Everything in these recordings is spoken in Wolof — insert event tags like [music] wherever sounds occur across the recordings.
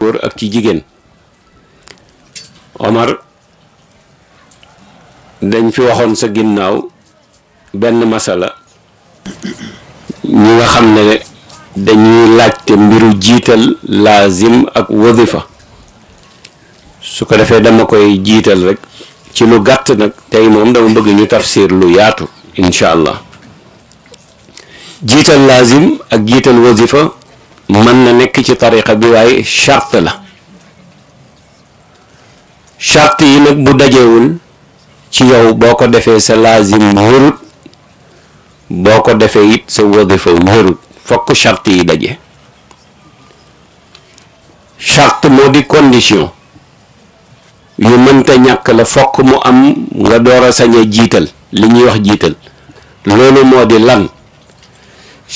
góor ak ci jigéen Omar dañ fi waxoon sa ginnaaw benn masala ñi nga xam ne dañuy laajte mbiru jiital laazim ak wadifa su ko defee dama koy jiital rek ci lu gàtt nag tey moom dama bëgg ñu tafsir lu yaatu incha allah jiital laazim ak jiital wadifa mën na nekk ci tarixa bi waaye charte la charte yi nag bu dajewul ci yow boo ko defee sa laazim wërut boo ko defee it sa wadifa wërut fokk charte yi daje charte moo di condition yu mënta ñàkk la fokk mu am nga door a sañ jiital li ñuy wax jiital loolu moo di lan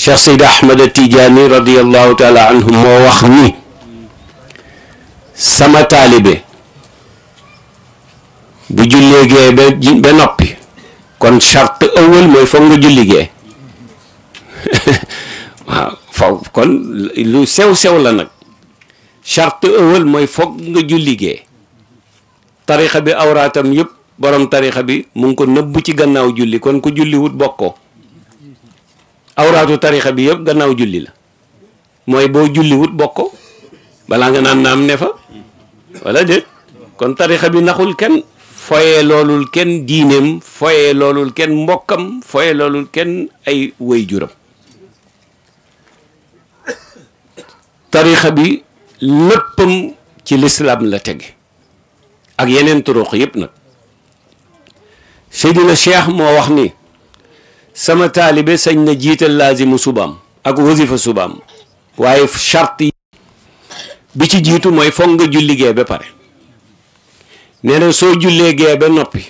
cheikh seyd ahmad tijaani radiallahu taala anhu moo wax ni sama taalibe bu jullee gee ba ba noppi kon charte ëwwal mooy foog nga julli gee [laughs] sew sew la nag charte ëwwal mooy foog tarixa bi awraatam yëpp borom tarixa bi mu ngi ko nëbb ci gannaaw julli kon ku julli bokkoo awraatu tarixa bi yëpp gannaaw julli la mooy boo julliwut bokk balaa nga naan naam ne fa walla déet kon tarixa bi naxul kenn foye loolul kenn diineem foye loolul kenn mbokkam foye loolul kenn ay way juram tarixa bi léppam ci lislaam la tege ak yeneen turuq yépp nag Seydina Cheikh moo wax ni sama taalibe sañ na jiital laazimu subaam ak wasifa subaam waaye charte yi bi ci jiitu mooy foog nga julli gee ba pare nee soo jullee gee ba noppi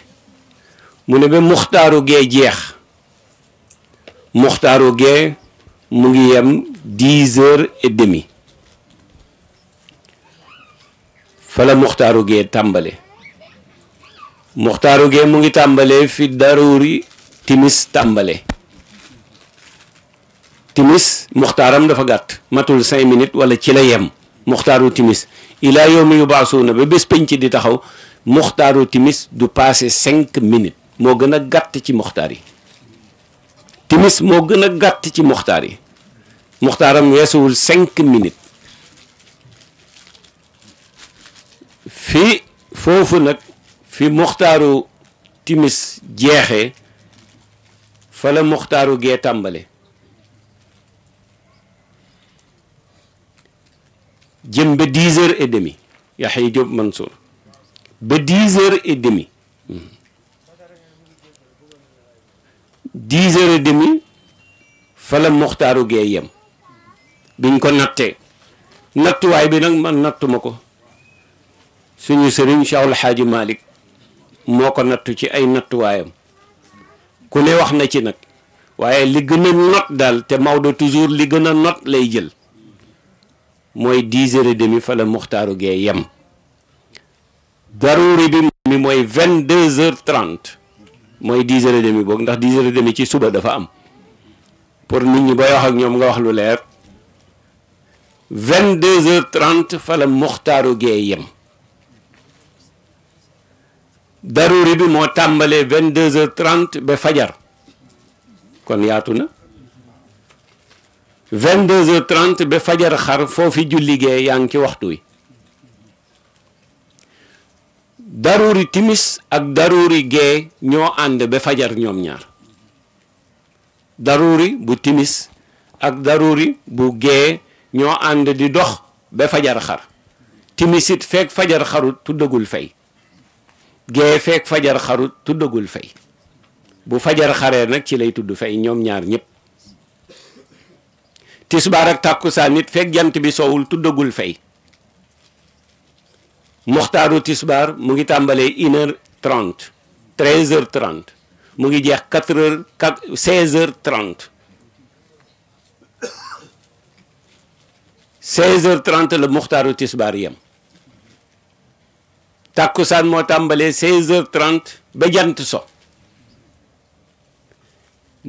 mu ne ba muxtaaru gee jeex muxtaaru gee mu ngi yem dix heures et demi fala muxtaaru gee tàmbale muxtaaru gee mu ngi tàmbalee fi daruri timis tàmbale timis muxtaaram dafa gàtt matul cinq minutes wala ci la yem muxtaaru timis ilaa yawmi yubaasuuna ba bés penc di taxaw muxtaaru timis du paase cinq minutes moo gën a gàtt ci muxtaar yi timis moo gën a gàtt ci muxtaar yi muxtaaram weesuwul cinq minutes fi foofu nag fi muxtaaru timis jeexee fa la muxtaaru gee tàmbale jëm ba dix heures et demi Yaxya Jóob Mansour ba dix heures et demi dix heures gee yem biñ ko nattee nattuwaay bi nag man nattuma ko suñu sëriñ Cheikh El Hadji moo ko nattu ci ay nattuwaayam ku ne wax na ci nag waaye li gën not daal te Maodo toujours li gën a not lay jël mooy dix heures et demi fa la muxtaaru gee yem daruuri bi mooy vingt deux heures trente mooy dix heures et demi boog ndax dix heures demi ci suba dafa am pour nit ñi bay wax ak ñoom nga wax lu leer vingt deux heures trente fa la muxtaaru gee yem daruri bi moo tàmbalee vingt deux heures trente ba fajar kon yaatu na vingt deux fajar xar foofi julligee yaa ngi ci waxtu wi daruri timis ak daruri gee ñoo ànd ba fajar ñoom ñaar daruri bu timis ak daruri bu gee ñoo ànd di dox ba fajar xar timisit fekk fajar xarut tuddagul fay gee feek fajar xarut tuddagul fay bu fajar xaree nag ci lay tudd fay ñoom ñaar ñëpp tisbaar ak tàkkusaan nit fekk jant bi soowul tuddagul fay moxtaaru tisbaar mu ngi tàmbalee une heure trente treize heures mu ngi jeex quatre heures quatre seize heures trente seize heures trente la moxtaaru tisbaar yem tàkkusaan moo tàmbalee seize ba jant so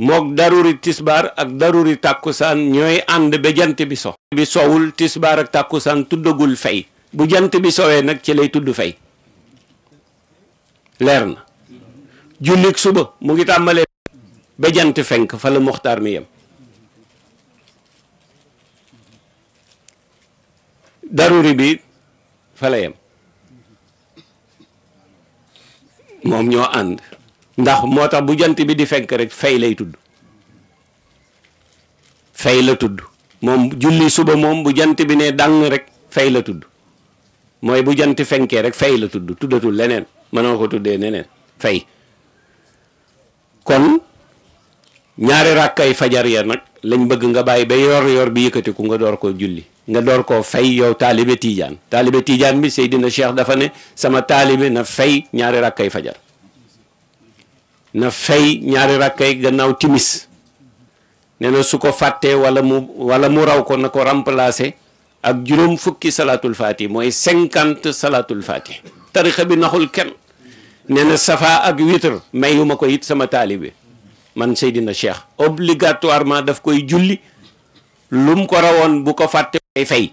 mook daruri tisbaar ak daruri tàkkusaan ñooy ànd ba jant bi so bi sowul tisbaar ak tàkkusaan tuddagul fay bu jant bi sowee nag ci lay tudd fay leer na jullik suba mu ngi tàmbalee ba jant fenk fa la muxtaar mi yem daruri bi fa la yem moom ñoo ànd ndax moo tax bu jant bi di fenk rek fay lay tudd fay la tudd moom julli suba moom bu jant bi ne dàng rek fay la tudd mooy bu jant fenkee rek fay la tudd tuddatul leneen mënoo ko tuddee neneen fay kon ñaari ràkkay fajar ya nag lañ bëgg nga bàyyi ba yor yor bi yëkkati ku nga door ko julli nga door koo fay yow taalibe tiijaan taalibe tiijaan bi Seydina Cheikh dafa ne sama taalibe na fay ñaari rakkay fajar na fay ñaari rakkay gannaaw timis nee na su ko fàttee wala mu wala raw ko na ko remplacer ak juróom fukki salaatul faati mooy cinquante salaatul faati tarixa bi naxul kenn nee na safa ak witr mayuma ko it sama taalibe man Seydina Cheikh obligatoirement daf koy julli lum ko rawoon bu ko fàtte fay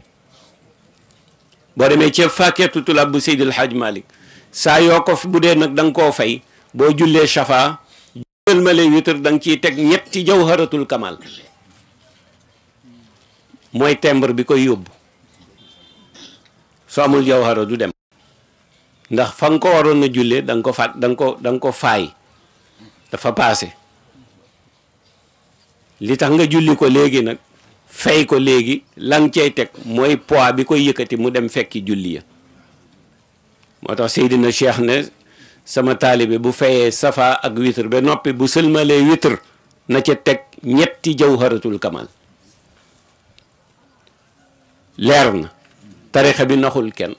boo demee ca fàkkeetu tulaab bu Seydil Hadj malik saa yoo ko bu dee nag da nga koo fay boo julee shafa julleel ma lee witr da ciy teg ñetti jawharatul kamal mooy timbre bi koy yóbbu soo amul jawhara du dem ndax fa nga ko waroon a jullee da ko fat da nga ko faay dafa paase li tax nga julli ko léegi nag fay ko léegi lan nga teg mooy poids bi koy yëkkati mu dem fekki julli ya moo tax Seydina Cheikh ne sama taalibe bu fayee safa ak witre ba noppi bu sëlmalee witre na ca teg ñetti jawharatul kamal leer na tarixa bi naxul kenn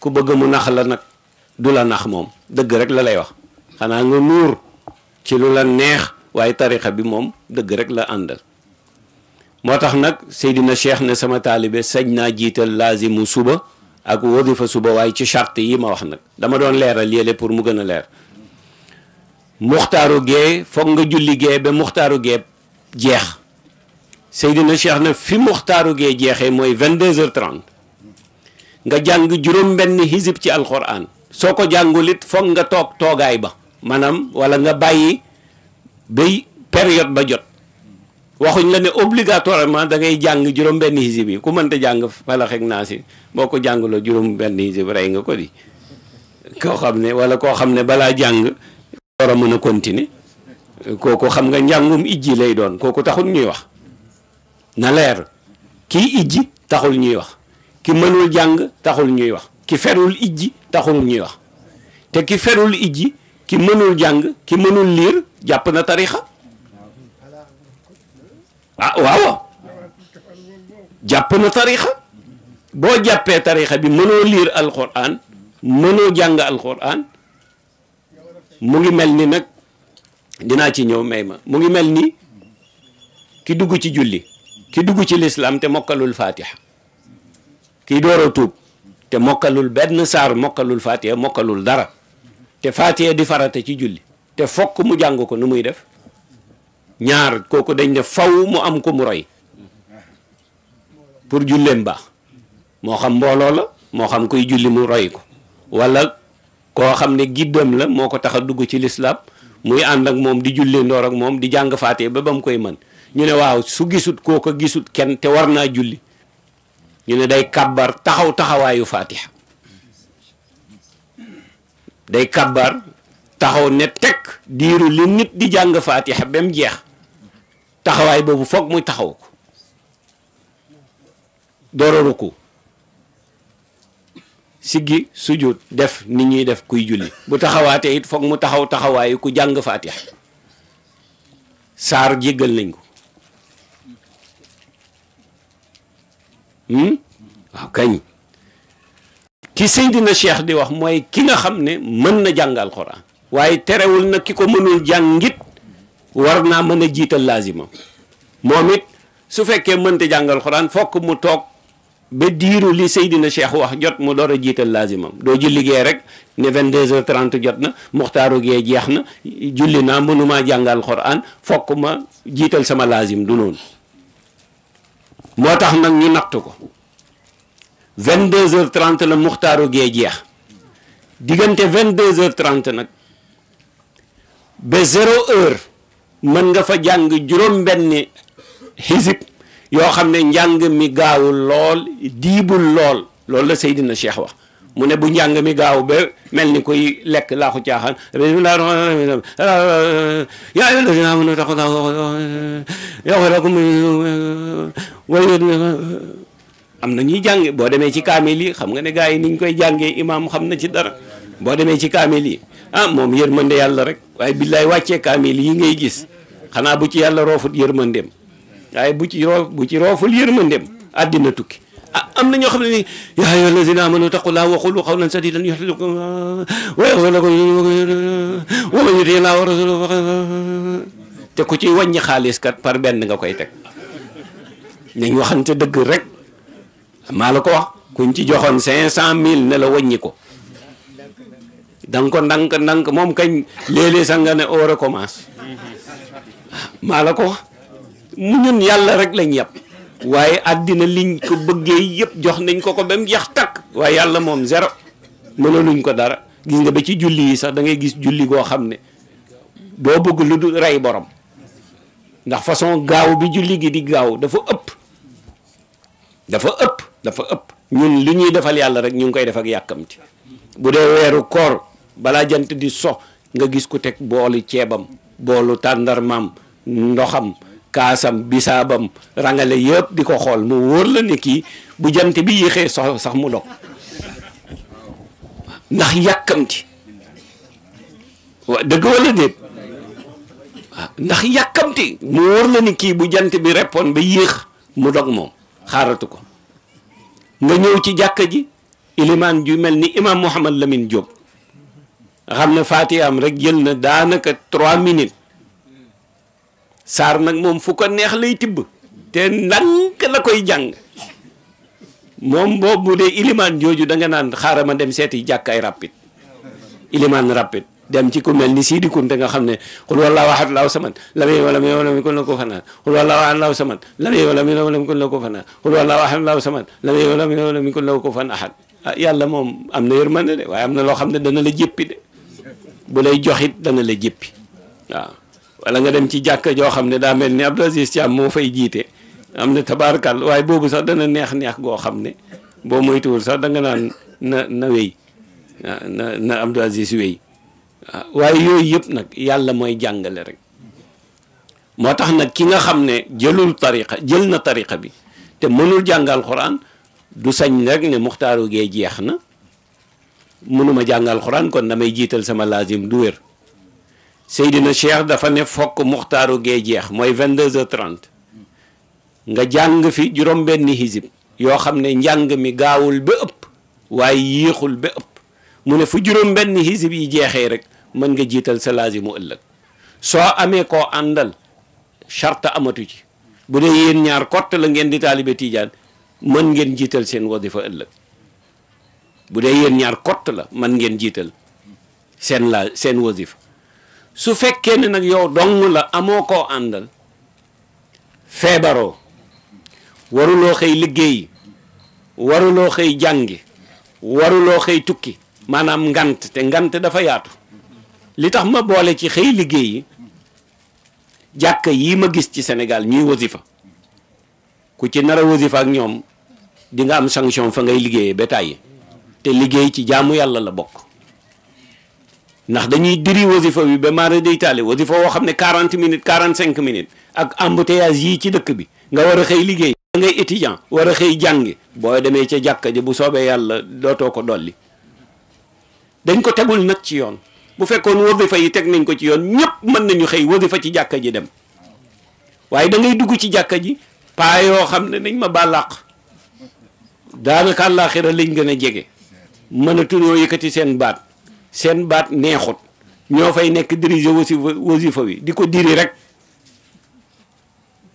ku bëgg mu nax la nag du la nax moom dëgg rek la lay wax xanaa nga nuur ci lu la neex waaye tarixa bi moom dëgg rek la àndal moo tax nag Seydina Cheikh ne sama taalibe sañ naa jiital laazimu suba ak wadifa suba waaye ci chart yi ma wax nag dama doon leeral yéele pour mu gën a leer muxtaaru gee foog nga julli gee ba muxtaaru gee jeex Seydina Cheikh ne fi muxtaaru gee jeexee mooy vingt-deux heures nga jàng juróom benn hizib ci alxuraan soo ko jàngulit foog nga toog toogaay ba maanaam walla nga bàyyi bay période ba jot waxuñ la ne obligatoirement da ngay jàng juróom-benn hizib yi ku mënta jàng falax ak naas yi boo ko jàngaloo juróom-benn hizib rey nga ko di koo xam ne walla koo xam ne balaa jàng war a mën a continuer kooku xam nga njàngum ijji lay doon kooku taxul ñuy wax na leer kii ijji taxul ñuy wax ki mënul jàng taxul ñuy wax ki ferul ijji taxul ñuy wax te ki ferul ijji ki mënul jàng ki mënul liir jàpp na tarixa ah waaw jàpp na tarixa boo jàppee tarixa bi mënoo liir alquran mënoo jàng alquran mu ngi mel ni nag dinaa ci ñëw may ma mu ngi mel ni ki dugg ci julli ki dugg ci lislaam te mokkalul fatiha kii door a tuub te mokkalul benn saar mokkalul fatiha mokkalul dara te fatiha di farata ci julli te fokk mu jàng ko nu muy def ñaar kooku dañ ne faw mu am ko mu roy pour julleem baax moo xam mbooloo la moo xam koy julli mu roy ko wala koo xam ne giddam la moo ko tax a dugg ci lislaam muy ànd ak moom di jullee ndoor ak moom di jàng faatee ba ba mu koy mën ñu ne waaw su gisut kooka gisut kenn te war naa julli ñu ne day kàbbar taxaw taxawaayu faatiha day kàbbar taxaw ne teg diiru li nit di jàng faatiha ba mu jeex taxawaay boobu foog muy taxaw ko dooraru ko siggi sujud def ni ñuy def kuy julli bu taxawaatee it foog mu taxaw taxawaayu ku jàng faatiha saar jéggal nañ ko hmm? waaw kañ ki Seydina Cheikh di wax mooy ki nga xam ne mën na jàngal Alxuraan waaye terewul na ki ko mënul jàngit war naa mën a jiital laazima moom it su fekkee mënta jàngal xuraan fokk mu toog ba diiru li Seydina Cheikh wax jot mu door a jiital laazimam doo ji liggéey rek ne 22h30 jot na muxtaaru gee jeex na julli naa mënumaa jàngal xuraan fokk ma jiital sama laazim du noonu moo tax nag ñu nattu ko 22h30 la muxtaaru gee jeex diggante 22h30 nag ba 0 heure. mën nga fa jàng juróom-benni xisib yoo xam ne njàng mi gaawul lool diibul lool loolu la Seydina Cheikh wa mu ne bu njàng mi gaaw ba mel ni kuy lekk laaxu caaxaan bismillah yaa ayyuha allazina amanu taqullaha yaghfir lakum am na ñuy jàng boo demee ci kaamil yi xam nga ne gars yi niñ koy jàngee imaam xam na ci dara boo demee ci kaamil yi ah moom yërmande yàlla rek waaye billaay wàccee kaamil yi ngay gis xanaa bu ci yàlla roofut yërmandeem waaye bu ci roof bu ci rooful yërmandeem àddina tukki ah am na ñoo xam ne ni yaa ayyuha allazina amanu taqullaha wa qulu qawlan sadidan yuslih lakum wa yaghfir lakum wa man yuti llaha ku ci wàññi xaalis kat par benn nga koy teg nañ waxante dëgg rek maa la ko wax kuñ ci joxoon cinq cent mille ne la ko danga ko nank ndànk moom kañ léeg-léeg sax nga ne on recommence maa la ko mu ñun yàlla rek lañ yàpp waaye àddina liñ ko bëggee yëpp jox nañ ko ko ba mu jeex takk waaye yàlla moom zéro mënaluñ ko dara gis nga ba ci julli yi sax dangay gis julli goo xam ne doo bëgg lu dul rey borom ndax façon gaaw bi julli gi di gaaw dafa ëpp dafa ëpp dafa ëpp ñun li ñuy defal yàlla rek ñu ngi koy def ak yàkkamti bu dee weeru koor balaa jant di so nga gis ku teg boolu ceebam boolu tàndarmaam ndoxam kaasam bisaabam rangale yëpp di ko xool mu wóor la ne kii bu jant bi yéexee so sax mu dog ndax yàkkamti ndax yàkkamti mu la kii bu jant bi reppoon ba yéex mu dog moom xaaratu ko nga ñëw ci jàkka ji ilimaan ju mel ni imaam Mouhamad Lamine Diop nga xam ne faatiha am rek jël na daanaka trois minutes nag moom fu ko neex lay tibb te ndànk la koy jàng moom boobu dee ilimaan jooju da nga naan xaaral ma dem seeti jàkk ay rapide ilimaan rapide dem ci ku mel ni Sidi Kunte nga xam ne xul wallaahu ahad laahu samad lam yalid walam yuulad walam yakun lahu kufuwan ahad xul wallaahu ahad laahu samad lam yalid walam yuulad walam yakun lahu kufuwan ah, yàlla moom am na yërmande de waaye am na loo xam ne dana la jéppi de bu lay joxit dana la jéppi waaw wala nga dem ci jàkk joo xam ne daa mel ni Abdou Aziz Thiam moo fay jiite am na tabaarkal waaye boobu sax dana neex neex goo xam ne boo moytuwul sax danga nga naan na na wéy na na Abdou Aziz wéy waaye yooyu yëpp nag yàlla mooy jàngale rek moo tax nag ki nga xam ne jëlul tariqa jël na tariqa bi te mënul jàngal Alxuraan du sañ rek ne muxtaaru gee jeex na mënuma jàng alxuraan kon damay jiital sama lazim du wér Seydina Cheikh dafa ne fokk muxtaaru gee jeex mooy 22h30 nga jàng fi juróom-benni hizib yoo xam ne njàng mi gaawul ba ëpp waaye yéexul ba ëpp mu ne fu juróom-benni hizib yi jeexee rek mën nga jiital sa lazimu ëllëg soo amee koo àndal charte amatu ci bu dee yéen ñaar kott la ngeen di taalibe Tijaan mën ngeen jiital seen wadifa ëllëg. bu dee yéen ñaar kott la man ngeen jiital seen la seen wasifa su fekkee ne nag yow dong la amoo koo àndal feebaroo waruloo xëy liggéeyi waruloo xëy jàngi waruloo xëy tukki maanaam ngant te ngant dafa yaatu li tax ma boole ci xëy liggéeyi jàkka yii ma gis ci Sénégal ñuy wasifa ku ci nar a wasifa ak ñoom dinga am sanction fa ngay liggéeyee ba tàyyi te liggéey ci jaamu yàlla la bokk ndax dañuy diri wasifa bi ba mara day taale wasifa woo xam ne quarante minutes quarante cinq minutes ak embouteillage yii ci dëkk bi nga war a xëy liggéey dangay ngay étudiant war a xëy jàngi boo demee ca jàkka ji bu soobee yàlla dootoo ko dolli dañ ko tegul nag ci yoon bu fekkoon wasifa yi teg nañ ko ci yoon ñëpp mën nañu xëy wasifa ci jàkka ji dem waaye dangay dugg ci jàkka ji paa yoo xam ne nañ ma bàllaax daanaka àllaaxira lañ gën a jege mënatuñoo yëkkati seen baat seen baat neexut ñoo fay nekk diriger wasifa wasifa wi di ko diri rek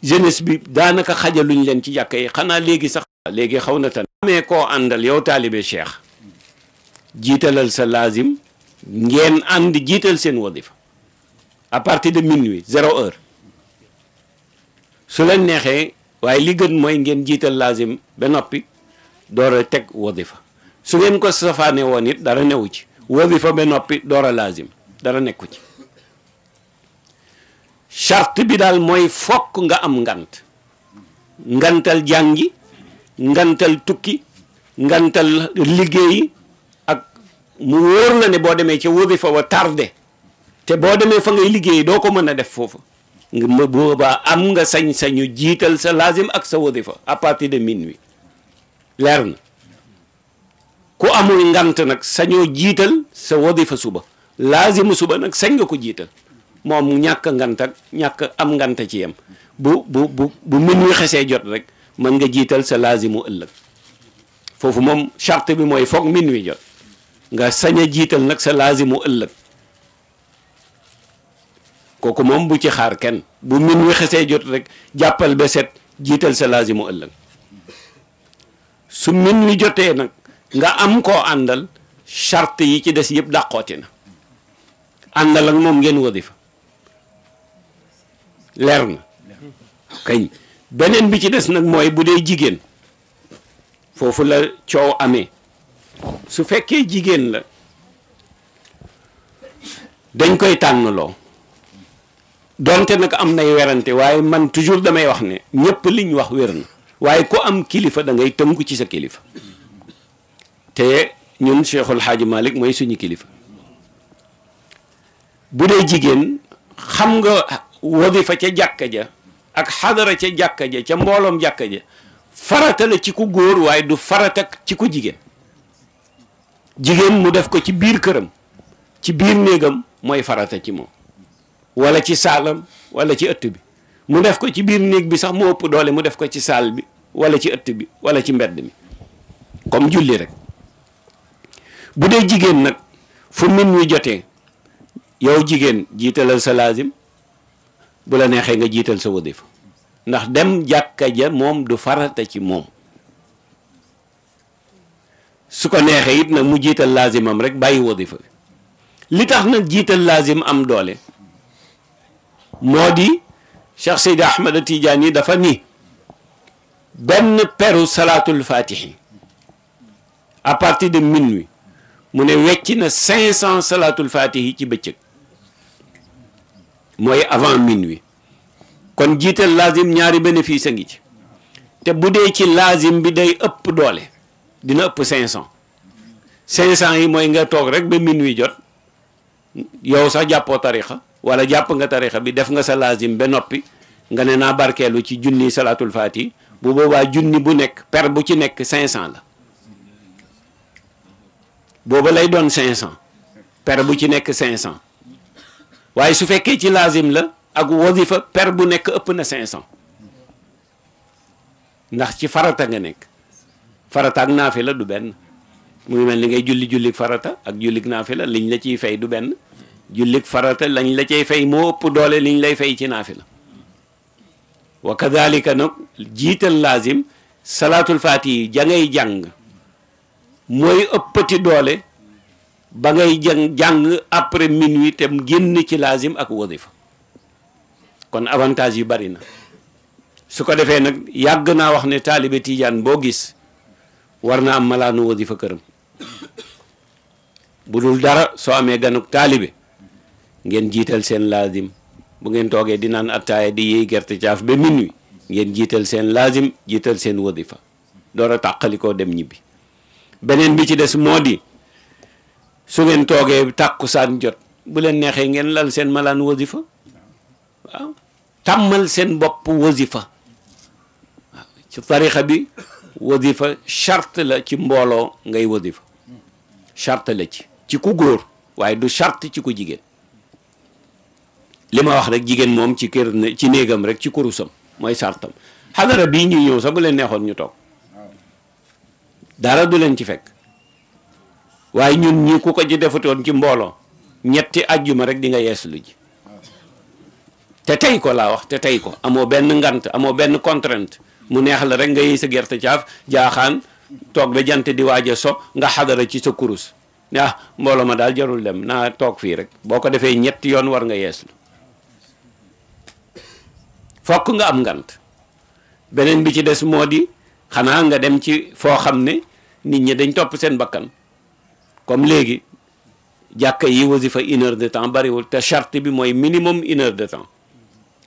jeunesse bi daanaka xajaluñ leen ci jàkka yi xanaa léegi sax léegi xaw na tan amee koo àndal yow taalibe cheikh jiitalal sa laazim ngeen ànd jiital seen wasifa à de minuit zéro heure su leen neexee waaye li gën mooy ngeen jiital laazim ba noppi door a teg wasifa su ngeen ko safaane woon it dara newu ci wasifa ba noppi door a laazim dara nekku ci charte bi daal mooy fokk nga am ngant ngantal jàngi ngantal tukki ngantal liggéeyi ak mu wóor la ne boo demee ca wasifa wa tardé te boo demee fa ngay liggéeyi doo ko mën a def foofu nga boobaa am nga sañ-sañu jiital sa laazim ak sa wasifa à partir de minuit leer na ku amul ngant nag sañoo jiital sa wadifa suba laazima suba nag sañ nga ko jiital moom ñàkk ngant ñàkk am ngant ci yem bu bu bu bu wi xesee jot rek mën nga jiital sa laazimu ëllëg foofu moom charte bi mooy foog min wi jot nga sañ a nag sa laazimu ëllëg kooku moom bu ci xaar kenn bu min wi xesee jot rek jàppal ba set jiital sa laazimu ëllëg su min wi jotee nag nga am koo àndal charte yi ci des yëpp dàqooti na àndal moom ngeen wadifa leer na kañ beneen bi ci des nag mooy bu dee jigéen foofu la coow amee su fekkee jigéen la dañ koy tànnloo donte nag am nay werante waaye man toujours damay wax ne ñëpp liñ wax wér na waaye ku am kilifa da ngay tënku ci sa kilifa te ñun Cheikhul Xaaji Malik mooy suñu kilifa bu dee jigéen xam nga wadifa ca jàkka ja ak xadara ca jàkka ja ca mbooloom jàkka ja farata la ci ku góor waaye du farata ci ku jigéen jigéen mu def ko ci biir këram ci biir néegam mooy farata ci moom wala ci saalam wala ci ëtt bi mu def ko ci biir néeg bi sax mu ëpp doole mu def ko ci saal bi wala ci ëtt bi wala ci mbedd mi comme julli rekk bu dee jigéen nag fu min jotee yow jigéen jiitalal sa laazim bu la neexee nga jiital sa wadifa ndax dem jàkka ja moom du farata ci moom su ko neexee it nag mu jiital laazimam rek bàyyi wadifa bi li tax nag jiital laazim am doole moo di Cheikh Seydi Ahmad Tidiane yi dafa ni benn peru salaatul fatihi à partir de minuit mu ne wecc na cinq cent salaatul faatihi ci bëccëg mooy avant minuit kon jiital lazim ñaari bénéfice a ngi ci te bu dee ci lazim bi day ëpp doole dina ëpp cinq cent cinq cent yi mooy nga toog rek ba minuit jot yow sax jàppoo tarixa wala jàpp nga tarixa bi def nga sa lazim ba noppi nga ne naa barkeelu ci junni salaatul faatihi bu boobaa junni bu nekk per bu ci nekk cinq cent la booba lay doon cinq cent per bu ci nekk cinq cent waaye su fekkee ci laazim la ak wazifa per bu nekk ëpp na cinq ndax ci farata nga nekk farata ak naafi la du benn mu ngi mel ni ngay julli julli farata ak julli naafi la liñ la ciy fay du benn jullik farata lañ la cay fay moo ëpp doole liñ lay fay ci naafi la wa kadalika nag jiital laazim salaatul faatihi ja ngay jàng mooy ëppati doole ba ngay jàng jàng après minuit te génn ci lazim ak wasifa kon avantage yu bari na su ko defee nag yàgg naa wax ne taalibe tijaan boo gis war na am malaanu wasifa këram bu dul dara soo amee ganuk taalibe ngeen jiital seen lazim bu ngeen toogee di naan attaaya di yéey gerte caaf ba minuit ngeen jiital seen lazim jiital seen wasifa door a tàqali koo dem ñibbi beneen bi ci des moo di su ngeen toogee tàkkusaan jot bu leen neexee ngeen lal seen malaan wasifa waaw tàmmal seen bopp wasifa waaw ci tarixa bi wasifa charte la ci mbooloo ngay wasifa charte la ci ci ku góor waaye du charte ci ku jigéen li ma wax rek jigéen moom ci kër ci néegam rek ci kurusam mooy sartam xadara bii ñuy ñëw sax bu leen neexoon ñu toog dara du leen ci fekk waaye ñun ñi ku ko ci defatoon ci mbooloo ñetti ajjuma rek di nga yees lu ji te tey ko laa wax te tey ko amoo benn ngant amoo benn contrainte mu neex la rek nga yëy sa gerte caaf jaaxaan toog ba jant di waaj a so nga xadara ci sa kurus ne ah mbooloo ma daal jarul dem naa toog fii rek boo ko defee ñetti yoon war nga yeeslu fokk nga am ngant beneen bi ci des moo di xanaa nga dem ci foo xam ne nit ñi dañ topp seen bakkan comme léegi jàkka yi wasifa une heure de temps bariwul te charte bi mooy minimum une heure de temps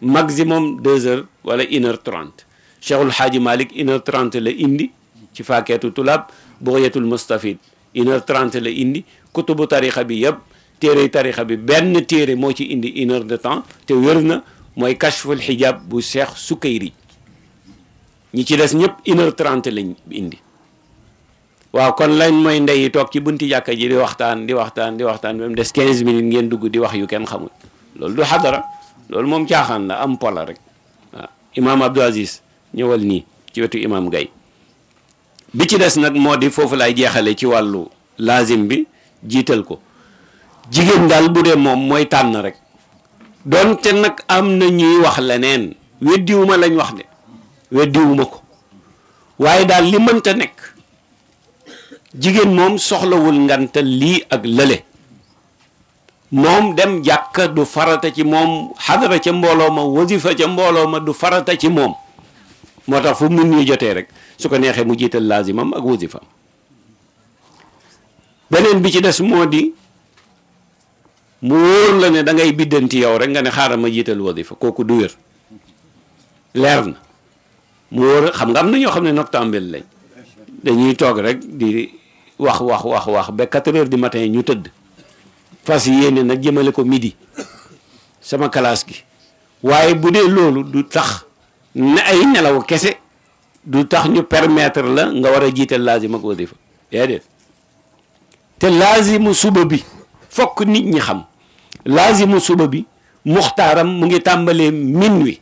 maximum deux heures wala une heure trente cheikhul xaaji malik une heure trente la indi ci faakeetu tulaab buxyatul mustafid une heure trente la indi kutubu tarixa bi yëpp téere tarixa bi benn téere moo ci indi une de temps te wér na mooy kashful xijaab bu cheikh sukkayri ñi ci des ñëpp une heure trente lañ indi waaw kon lañ mooy ndey yi toog ci bunti jàkka ji di waxtaan di waxtaan di waxtaan même des quinze minutes ngeen dugg di wax yu kenn xamul loolu du xadara loolu moom caaxaan la am pola rek waaw imaam Abdou Aziz ñëwal nii ci wetu imaam Gaye bi ci des nag moo di foofu lay jeexale ci wàllu lazim bi jiital ko jigéen daal bu dee moom mooy tànn rek doonte nag am na ñuy wax leneen weddiwuma lañ wax de weddiwuma ko waaye daal li mënta nekk jigéen moom soxlawul ngantal lii ak lële moom dem jàkka du farata ci moom xadara ca mbooloo ma wasifa mbooloo ma du farata ci moom moo tax fu mu nit jotee rek su ko neexee mu jiital laazimam ak wasifam beneen bi ci des moo di mu wóor la ne da ngay biddanti yow rek nga ne xaaral ma jiital wasifa kooku du wér leer na mu wóor xam nga am na ñoo xam ne noctambule lañ dañuy toog rek di wax wax wax wax ba 4 heures du matin ñu tëdd fas yéene nag jëmale ko midi sama classe gi waaye bu dee loolu du tax ay nelaw kese du tax ñu permettre la nga war a jiital laazim ak wasifa déedéet te laazimu suba bi fokk nit ñi xam laazimu suba bi muxtaaram mu ngi tàmbalee minuit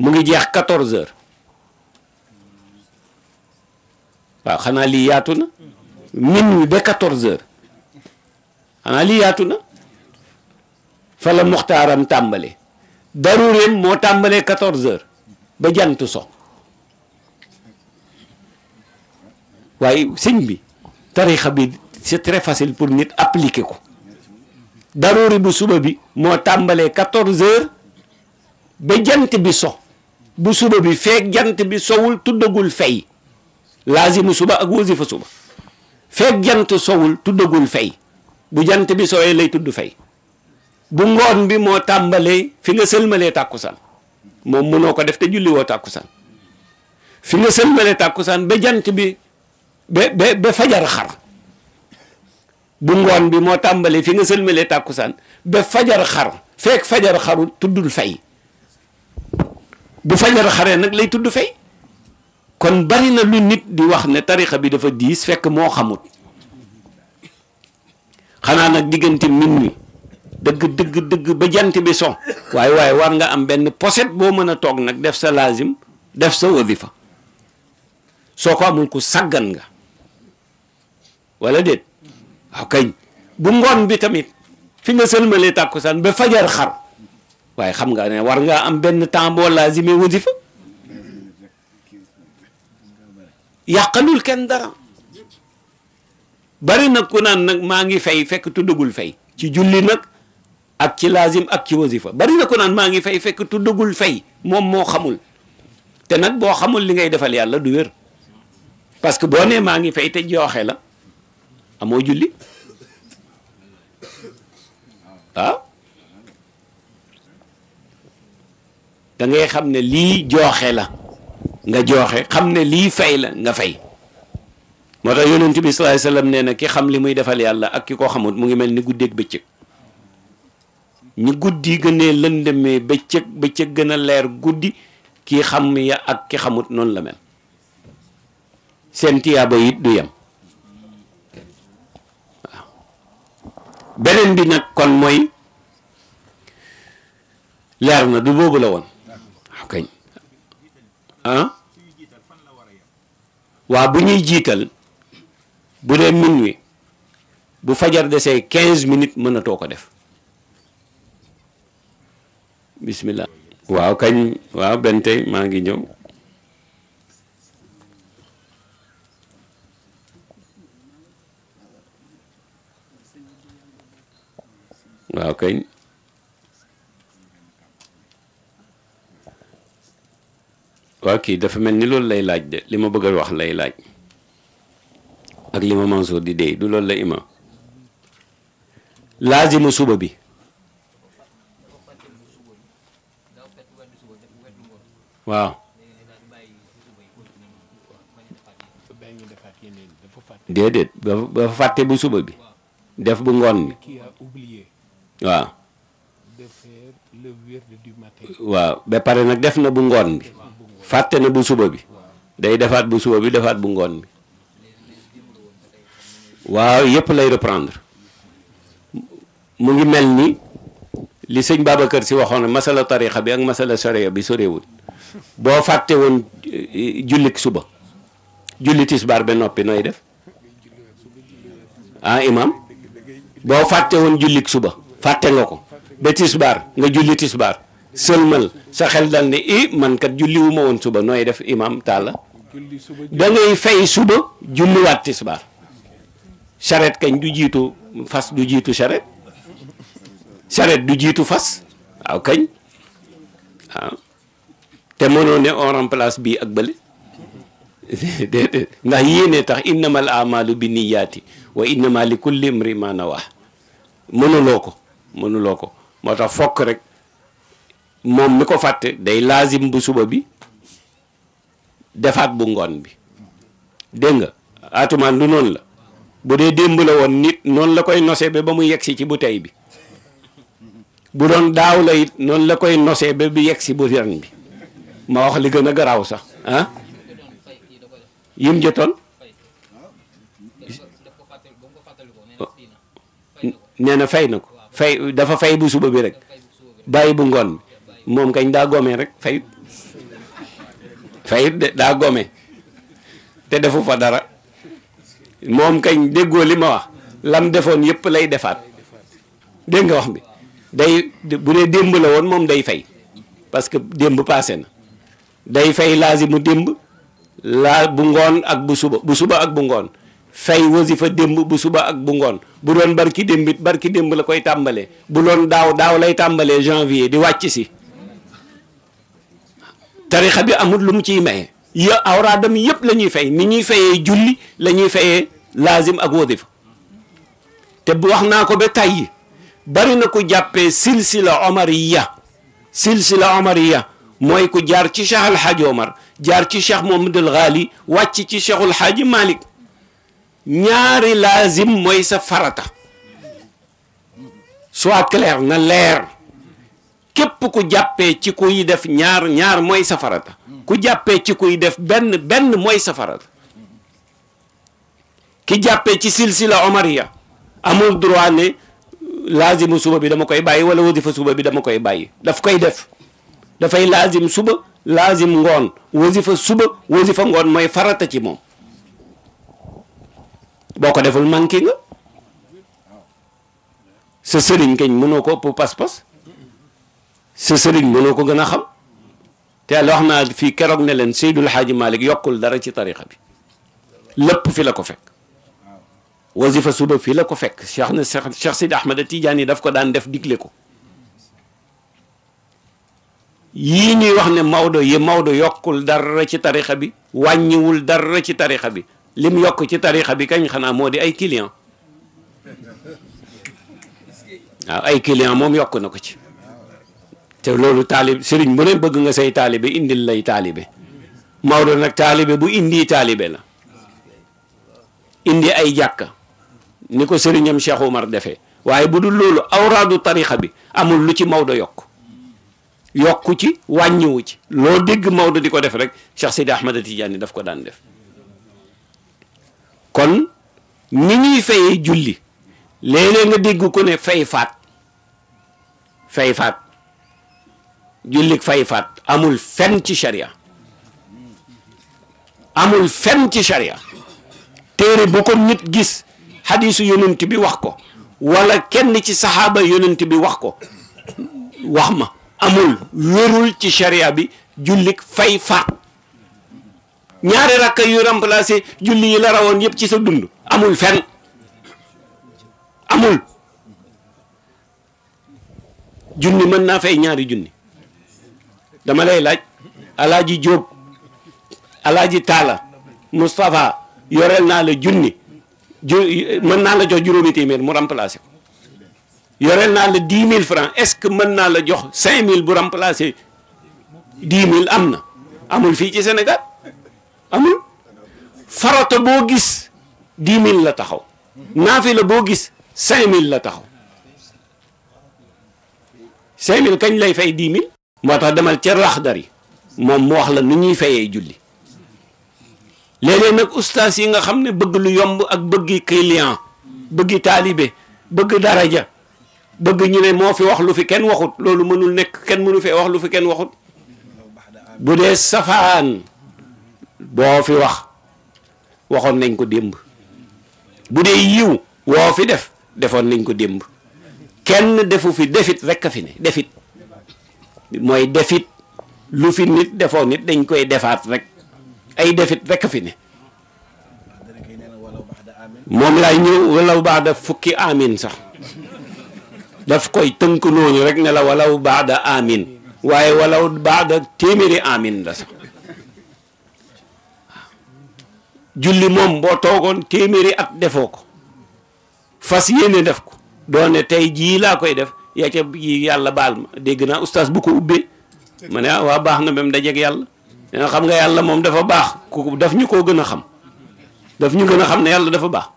mu ngi jeex 14 heures waaw xanaa lii yaatu na minuit ba xanaa lii yaatu na fa la muxtaaram tàmbale daruureem moo tàmbalee 14 heures ba jant so waaye sëñ bi tarixa bi c'est très facile pour nit appliquer ko daruuri bu suba bi moo tàmbalee 14 heures ba jant bi so bu suba bi feek jant bi sowul tuddagul fay laazimu suba ak wasifa suba feek jant sowul tuddagul fay bu jant bi sowee lay tudd fay bu ngoon bi moo tàmbalee fi nga sëlmalee tàkkusaan moom mënoo ko def te julli woo tàkkusaan fi nga sëlmalee tàkkusaan ba jant bi ba fajar xar bu ngoon bi moo tàmbalee fi nga sëlmalee tàkkusaan fajar feek fajar xarul tuddul fay bu fajar xaree nag lay tudd fay kon bari na lu nit di wax ne tarixa bi dafa diis fekk moo xamut xanaa nag diggante min wi dëgg dëgg dëgg ba jant bi so waaye waaye war nga am benn poset boo mën a toog nag def sa laazim def sa wadifa soo ko amul ku sàggan nga wala déet waaw kañ bu ngoon bi tamit fi nga sëlmalee tàkkusaan ba fajar xar waaye xam nga ne war ngaa am benn temps boo laazimee wasifa yàqalul kenn dara bari nag ku naan nag maa ngi fay fekk tuddagul fay ci julli nag ak ci laazim ak ci wasifa bari na ku naan maa ngi fay fekk tuddagul fay moom moo xamul te nag boo xamul li ngay defal yàlla du wér parce que boo nee maa ngi fay te jooxe la amoo julli ah? da xam ne lii jooxe la nga jooxe xam ne lii fay la nga fay moo tax yonent bi sallallahu alayhi wasallam nee na ki xam li muy defal yàlla ak ki ko xamut mu ngi mel ni guddeeg bëccëg ñi guddi gënee lëndëmee bëccëg bëccëg gën a leer guddi ki xam ya ak ki xamut noonu la mel seen tiyaaba it du yem beneen bi nag kon mooy leer na du boobu la woon ah waaw bu ñuy jiital bu dee minuit bu fajar desee quinze minutes mën a too ko def bismillah waaw kañ waaw benn tey maa ngi ñëw waaw kañ waa kii dafa mel ni loolu lay laaj de li ma bëgg a wax lay laaj ak li ma Mansour di dey du loolu la imam laazima suba bi waaw déedéet ba fàtte bu suba bi def bu ngoon bi waaw ba pare nag def na bu ngoon bi fàtte ne bu suba bi day defaat bu suba bi defaat bu ngoon bi waaw yëpp lay reprendre mu ngi mel ni li sëñ kër si waxoon masala tarixa bi ak masala sharia bi sorewul boo fàtte woon eh, eh, jullik suba julli tisbaar ba noppi nooy def ah imam boo fàtte woon jullik suba fàtte nga ko ba tisbaar nga julli tisbaar sëlmal sa xel dal ne i man kat julliwuma woon suba nooy def imam Talla da ngay fay suba julliwaat tisbaar charette kañ du jiitu fas du jiitu charette charette du jiitu fas waaw kañ te mënoo ne on remplace bii ak bële [laughs] déedéet ndax yéene tax innamal amalu bi niyaati wa innama li kulli imri ma nawa mënuloo ko mënuloo ko moo tax fokk rek moom mi ko fàtte day laazim bu suba bi defaat bu ngoon bi dégg nga atumaan du noon la bu dee démb la woon nit noonu la koy nosee ba ba mu yegsi ci bu tey bi bu doon daaw la noonu la koy nosee bi yegsi bu ren bi ma wax li gën a garaaw sax ah yim jotoon nee na fay na ko fay dafa fay bu suba bi rek bàyyi bu ngoon bi moom kañ daa gome rek fayut fayut de daa gome te defu fa dara moom kañ déggoo li ma wax lam defoon yëpp lay defaat dégg nga wax mi day bu dee démb la woon moom day fay parce que démb passé na day fay laasi mu démb laa bu ngoon ak bu suba bu suba ak bu ngoon fay wasifa démb bu suba ak bu ngoon bu doon barki démbit barki démb la koy tàmbalee bu doon daaw daaw lay tàmbalee janvier di wàcc si tarixa bi amul lu mu ciy maye ya awraadam yëpp la ñuy fay ni ñuy fayee julli la ñuy fayee laazim ak wadifa te bu wax naa ko ba tàyyi bari na ku jàppee silsila omariya silsila omariya mooy ku jaar ci cheikh alxaaji omar jaar ci cheikh mohamadul ghali wàcc ci cheikhul xaaji malik ñaari laazim moy sa farata soit clair na leer képp ku jàppee ci kuy def ñaar ñaar mooy safarata ku jàppee ci kuy def benn benn mooy safarata ki jàppee ci silsila omariya amul droit ne laazimu suba bi dama koy bàyyi wala wasifa suba bi dama koy bàyyi daf koy def dafay laazim suba laazim ngoon wasifa suba wasifa ngoon mooy farata ci moom boo ko deful manqué nga sa sëriñ kañ mënoo ko ëpp pas-pas sa sëriñ mënoo ko gën a xam te yàlla wax naa fii keroog ne leen Seydul Xaaji Malik yokkul dara ci tarixa bi lépp fi la ko fekk wasifa suba fii la ko fekk Cheikh na Cheikh Sidi Ahmed Tidiane daf ko daan def digle ko yii ñuy wax ne Maodo yi Maodo yokkul dara ci tarixa bi wàññiwul dara ci tarixa bi lim yokk ci tarixa bi kañ xanaa moo di ay client [laughs] waaw ay client moom yokk na ko ci te loolu taalib sëriñ bu ne bëgg nga say taalibe indil lay taalibe Maodo nag taalibe bu indi taalibe la indi ay jàkka ni ko sëriñam Cheikh Omar defee waaye bu dul loolu awraadu tarixa bi amul lu ci Maodo yokk yokk ci wàññiwu ci loo dégg Maodo di ko def rek Cheikh Sidi Ahmad Tidiane daf ko daan def kon ni ñuy fayee julli léeg nga dégg ko ne fay faat fay faat jullik fay faat amul fenn ci sharia amul fenn ci sharia téere bu ko nit gis xadiisu yonent bi wax ko wala kenn ci saxaaba yonent bi wax ko wax ma amul wérul ci sharia bi jullik fay faat ñaari rakka yu remplacé julli yi la rawoon yëpp ci sa dund amul fenn amul junni mën naa fay ñaari junni dama lay laaj alaaji Jóob alaaji Taala Moustapha yoreel naa la junni mën naa la jox juróomi téeméer mu remplacé ko yoreel naa la dix mille francs est-ce que mën naa la jox cinq mille bu remplacé dix mille am na amul fii ci Sénégal amul farata boo gis dix mille la taxaw naafila boo gis cinq mille la taxaw cinq mille kañ lay fay dix mille moo tax demal ca laxdar yi moom mu wax la nu ñuy fayee julli léeg-léeg nag ustaas yi nga xam ne bëgg lu yomb ak bëggi client bëggi taalibe bëgg daraja bëgg ñu ne moo fi wax lu fi kenn waxut loolu mënul nekk kenn mënu fee wax lu fi kenn waxut bu dee safaan boo fi wax waxoon nañ ko démb bu dee yiw woo fi def defoon nañ ko démb kenn defu fi defit rekk a fi ne defit mooy defit lu fi nit defoon nit dañ koy defaat rek ay defit rek fi ne moom laay ñëw walaw baax da fukki amin sax daf koy tënk noonu rek ne la walaw baax da amin waaye walaw baax da téeméeri amin la sax julli moom boo toogoon téeméeri at defoo ko fas yéene def ko doone tey jii laa koy def yaa ca yàlla baal ma dégg naa oustaz bu ko ubbee ma ne ah, waa baax na même dajeeg yàlla dina eh, xam nga yàlla moom dafa baax ku daf ñu koo gën a xam daf ñu gën a xam ne yàlla dafa baax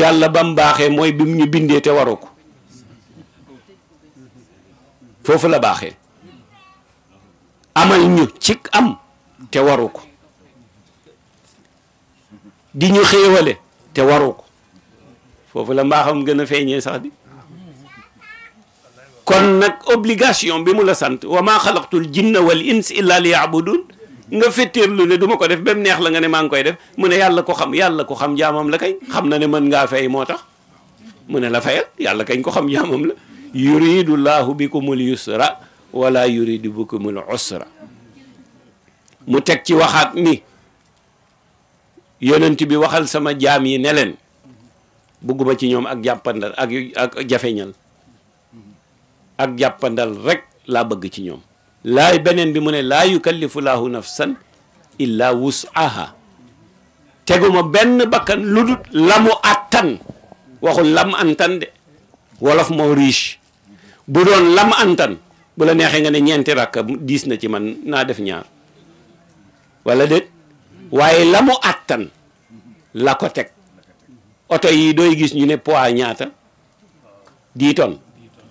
yàlla bam baaxee mooy bi mu ñu bindee te waroo ko foofu la baaxee amal ñu ci am te waru ko di ñu xéewale te waru ko foofu la mbaaxam gën a feeñee sax bi kon nag obligation bi mu la sant wa maa xalaqtul jinna wal ins illa li yaabudun nga fetteerlu ne duma ko def ba neex la nga ne maa ngi koy def mu ne yàlla ko xam yàlla ko xam jaamam la kay xam na ne mën ngaa fay moo tax mu ne la fayal yàlla kañ ko xam jaamam la yuridu llahu bikumul yusra wala yuridu bikumul usra mu teg ci waxaat ni yonent bi waxal sama jaam yi ne leen bugguma ci ñoom ak jàppandal ak ak jafeñal ak jàppandal rek laa bëgg ci ñoom laay beneen bi mu ne laa yukallifu laahu nafsan illa wus wus'aha teguma benn bakkan lu dul la attan waxul lam antan de wolof moo riche bu doon lam antan bu la neexee nga ne ñeenti rakka diis na ci man naa def ñaar wala déet waaye la attan la ko teg oto yi dooy gis ñu ne poids ñaata dix tonnes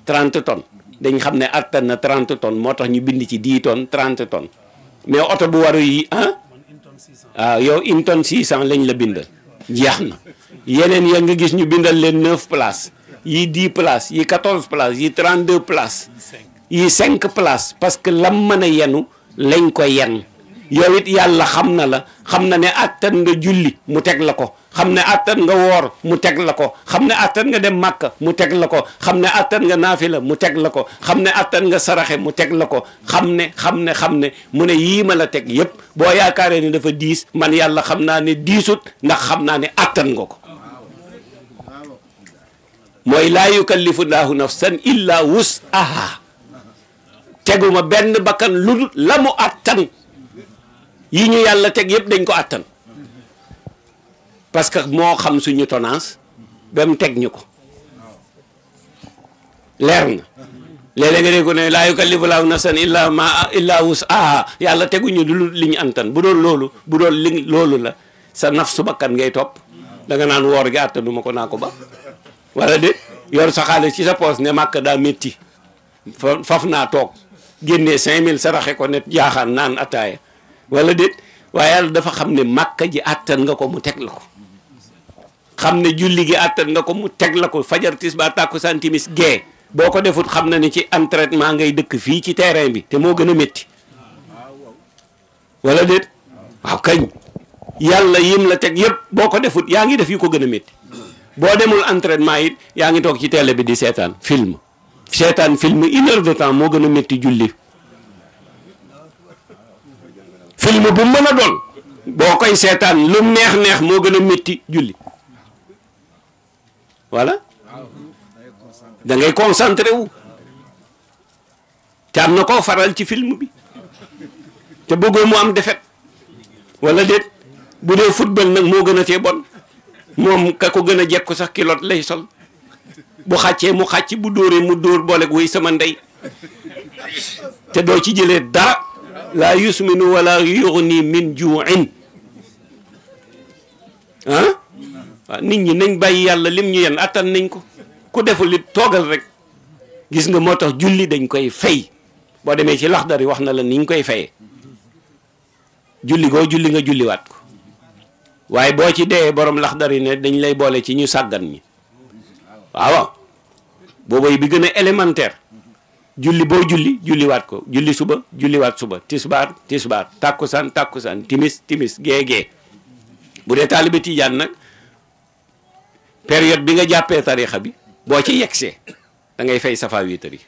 trente tonnes dañ xam ne attan na 30 tonnes moo tax ñu bind ci 10 tonnes 30 tonnes mais oto bu waru yi ah waaw yow une tonne 600 lañ la bindal jeex na yeneen ya nga gis ñu bindal leen 9 place yi 10 places yi 14 places yi 32 places yi cinq place parce que lam mën a yenu lañ ko yen yow it yàlla xam na la xam na ne attan nga julli mu teg la ko xam ne àttan nga woor mu teg la ko xam ne attan nga dem màkka mu teg la ko xam ne àttan nga naafila mu teg la ko xam ne attan nga saraxe mu teg la ko xam ne xam ne xam ne mu ne yii ma la teg yépp boo yaakaaree ni dafa diis man yàlla xam naa ne diisut ndax xam naa ne àttan nga ko mooy laa yukallifu laahu nafsan illa wus'aha teguma benn bakkan lu la mu attan yi ñu yàlla teg yépp dañ ko àttan parce que moo xam suñu tonnage ba mu teg ñu ko leer na léeg nga dégg ko ne laa yukallifu laahu nafsan illa ma illa wus'aha yàlla teguñu du li ñu antan bu doon loolu bu doon li loolu la sa naf su bakkan ngay topp danga naan woor gi àttanu ko naa ko ba wala de yor sa xaalis ci sa poos ne màkk daa metti fa faf naa toog génnee mille saraxe ko ne jaaxaan naan ataaya wala de waaye yàlla dafa xam ne màkk ji àttan nga ko mu teg la ko xam ne julli gi àttan nga ko mu teg la ko fajar tisbaar tàkkusaan timis gee boo ko defut xam na ni ci entraînement ngay dëkk fii ci terrain bi te moo gën a métti wala déet waaw kañ yàlla yim la teg yëpp boo ko defut yaa ngi def yu ko gën a metti boo demul entraînement it yaa ngi toog ci télé bi di seetaan film seetaan film une heure temps moo gën a métti julli film bu mën a doon boo koy seetaan lu neex neex moo gën a métti julli voilà dangay ngay wu te am na koo faral ci film bi te bëggoo mu am defet wala déet bu dee football nag moo gën a tee bon moom ka ko gën a jekk sax kilot lay sol bu xàccee mu xàcc bu dóoree mu dóor booleeg wuy sama ndey te doo ci jëlee dara laa yusminu wala yuxni min juin ah Ah, nit ñi nañ bàyyi yàlla lim ñu yenn attan nañ ko ku defu it toogal rek gis nga moo tax julli dañ koy fay boo demee ci laxdar yi wax na la niñ koy fayee julli ko julli nga julliwaat ko waaye boo ci dee borom laxdar yi ne dañ lay boole ci ñu sàggan ñi waaw boobay bi gën a élémentaire julli boo julli julliwaat ko julli suba julliwaat suba tisbaar tisbaar tàkkusaan tàkkusaan timis timis gee gee bu dee taalibe nag période bi nga jàppee tariixa bi boo ci yegsee da ngay fay safa wéetar yi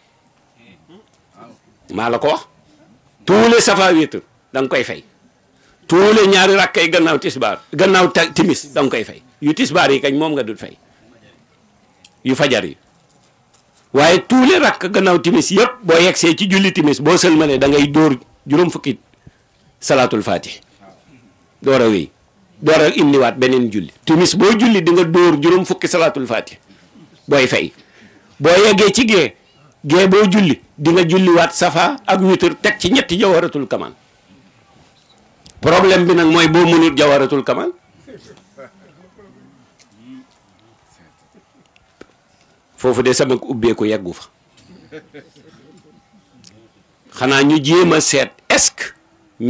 maa la ko wax tous les safa wéetar da koy fay tous les ñaari rakkay gannaaw tisbaar gannaaw timis danga koy fay yu tisbaar yi kañ moom nga dul fay yu fajar yi waaye tous les rakk gannaaw timis yëpp boo yegsee ci julli timis boo sëlmalee da ngay dóor juróom fukki salaatul faatih door a wéy door a indiwaat beneen julli timis boo julli di nga dóor juróom fukki salaatul faati booy fay boo yeggee ci gee gee boo julli di julliwaat safa ak witr teg ci ñetti jawaratul kamal problème bi nag mooy boo mënut jawaratul kamal foofu de sama ubbeeku yeggu fa xanaa ñu jéem a seet est-ce que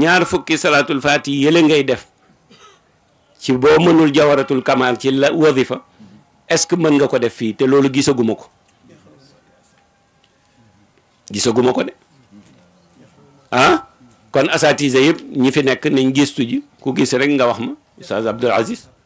ñaar fukki salaatul faati yële ngay def ci boo mënul jawaratul kamal ci la wazifa est-ce que mën nga ko def fii te loolu gisaguma ko gisaguma ko de ah kon asatise yëpp ñi fi nekk nañ gistu ji ku gis rek nga wax ma Oustaz Abdou Aziz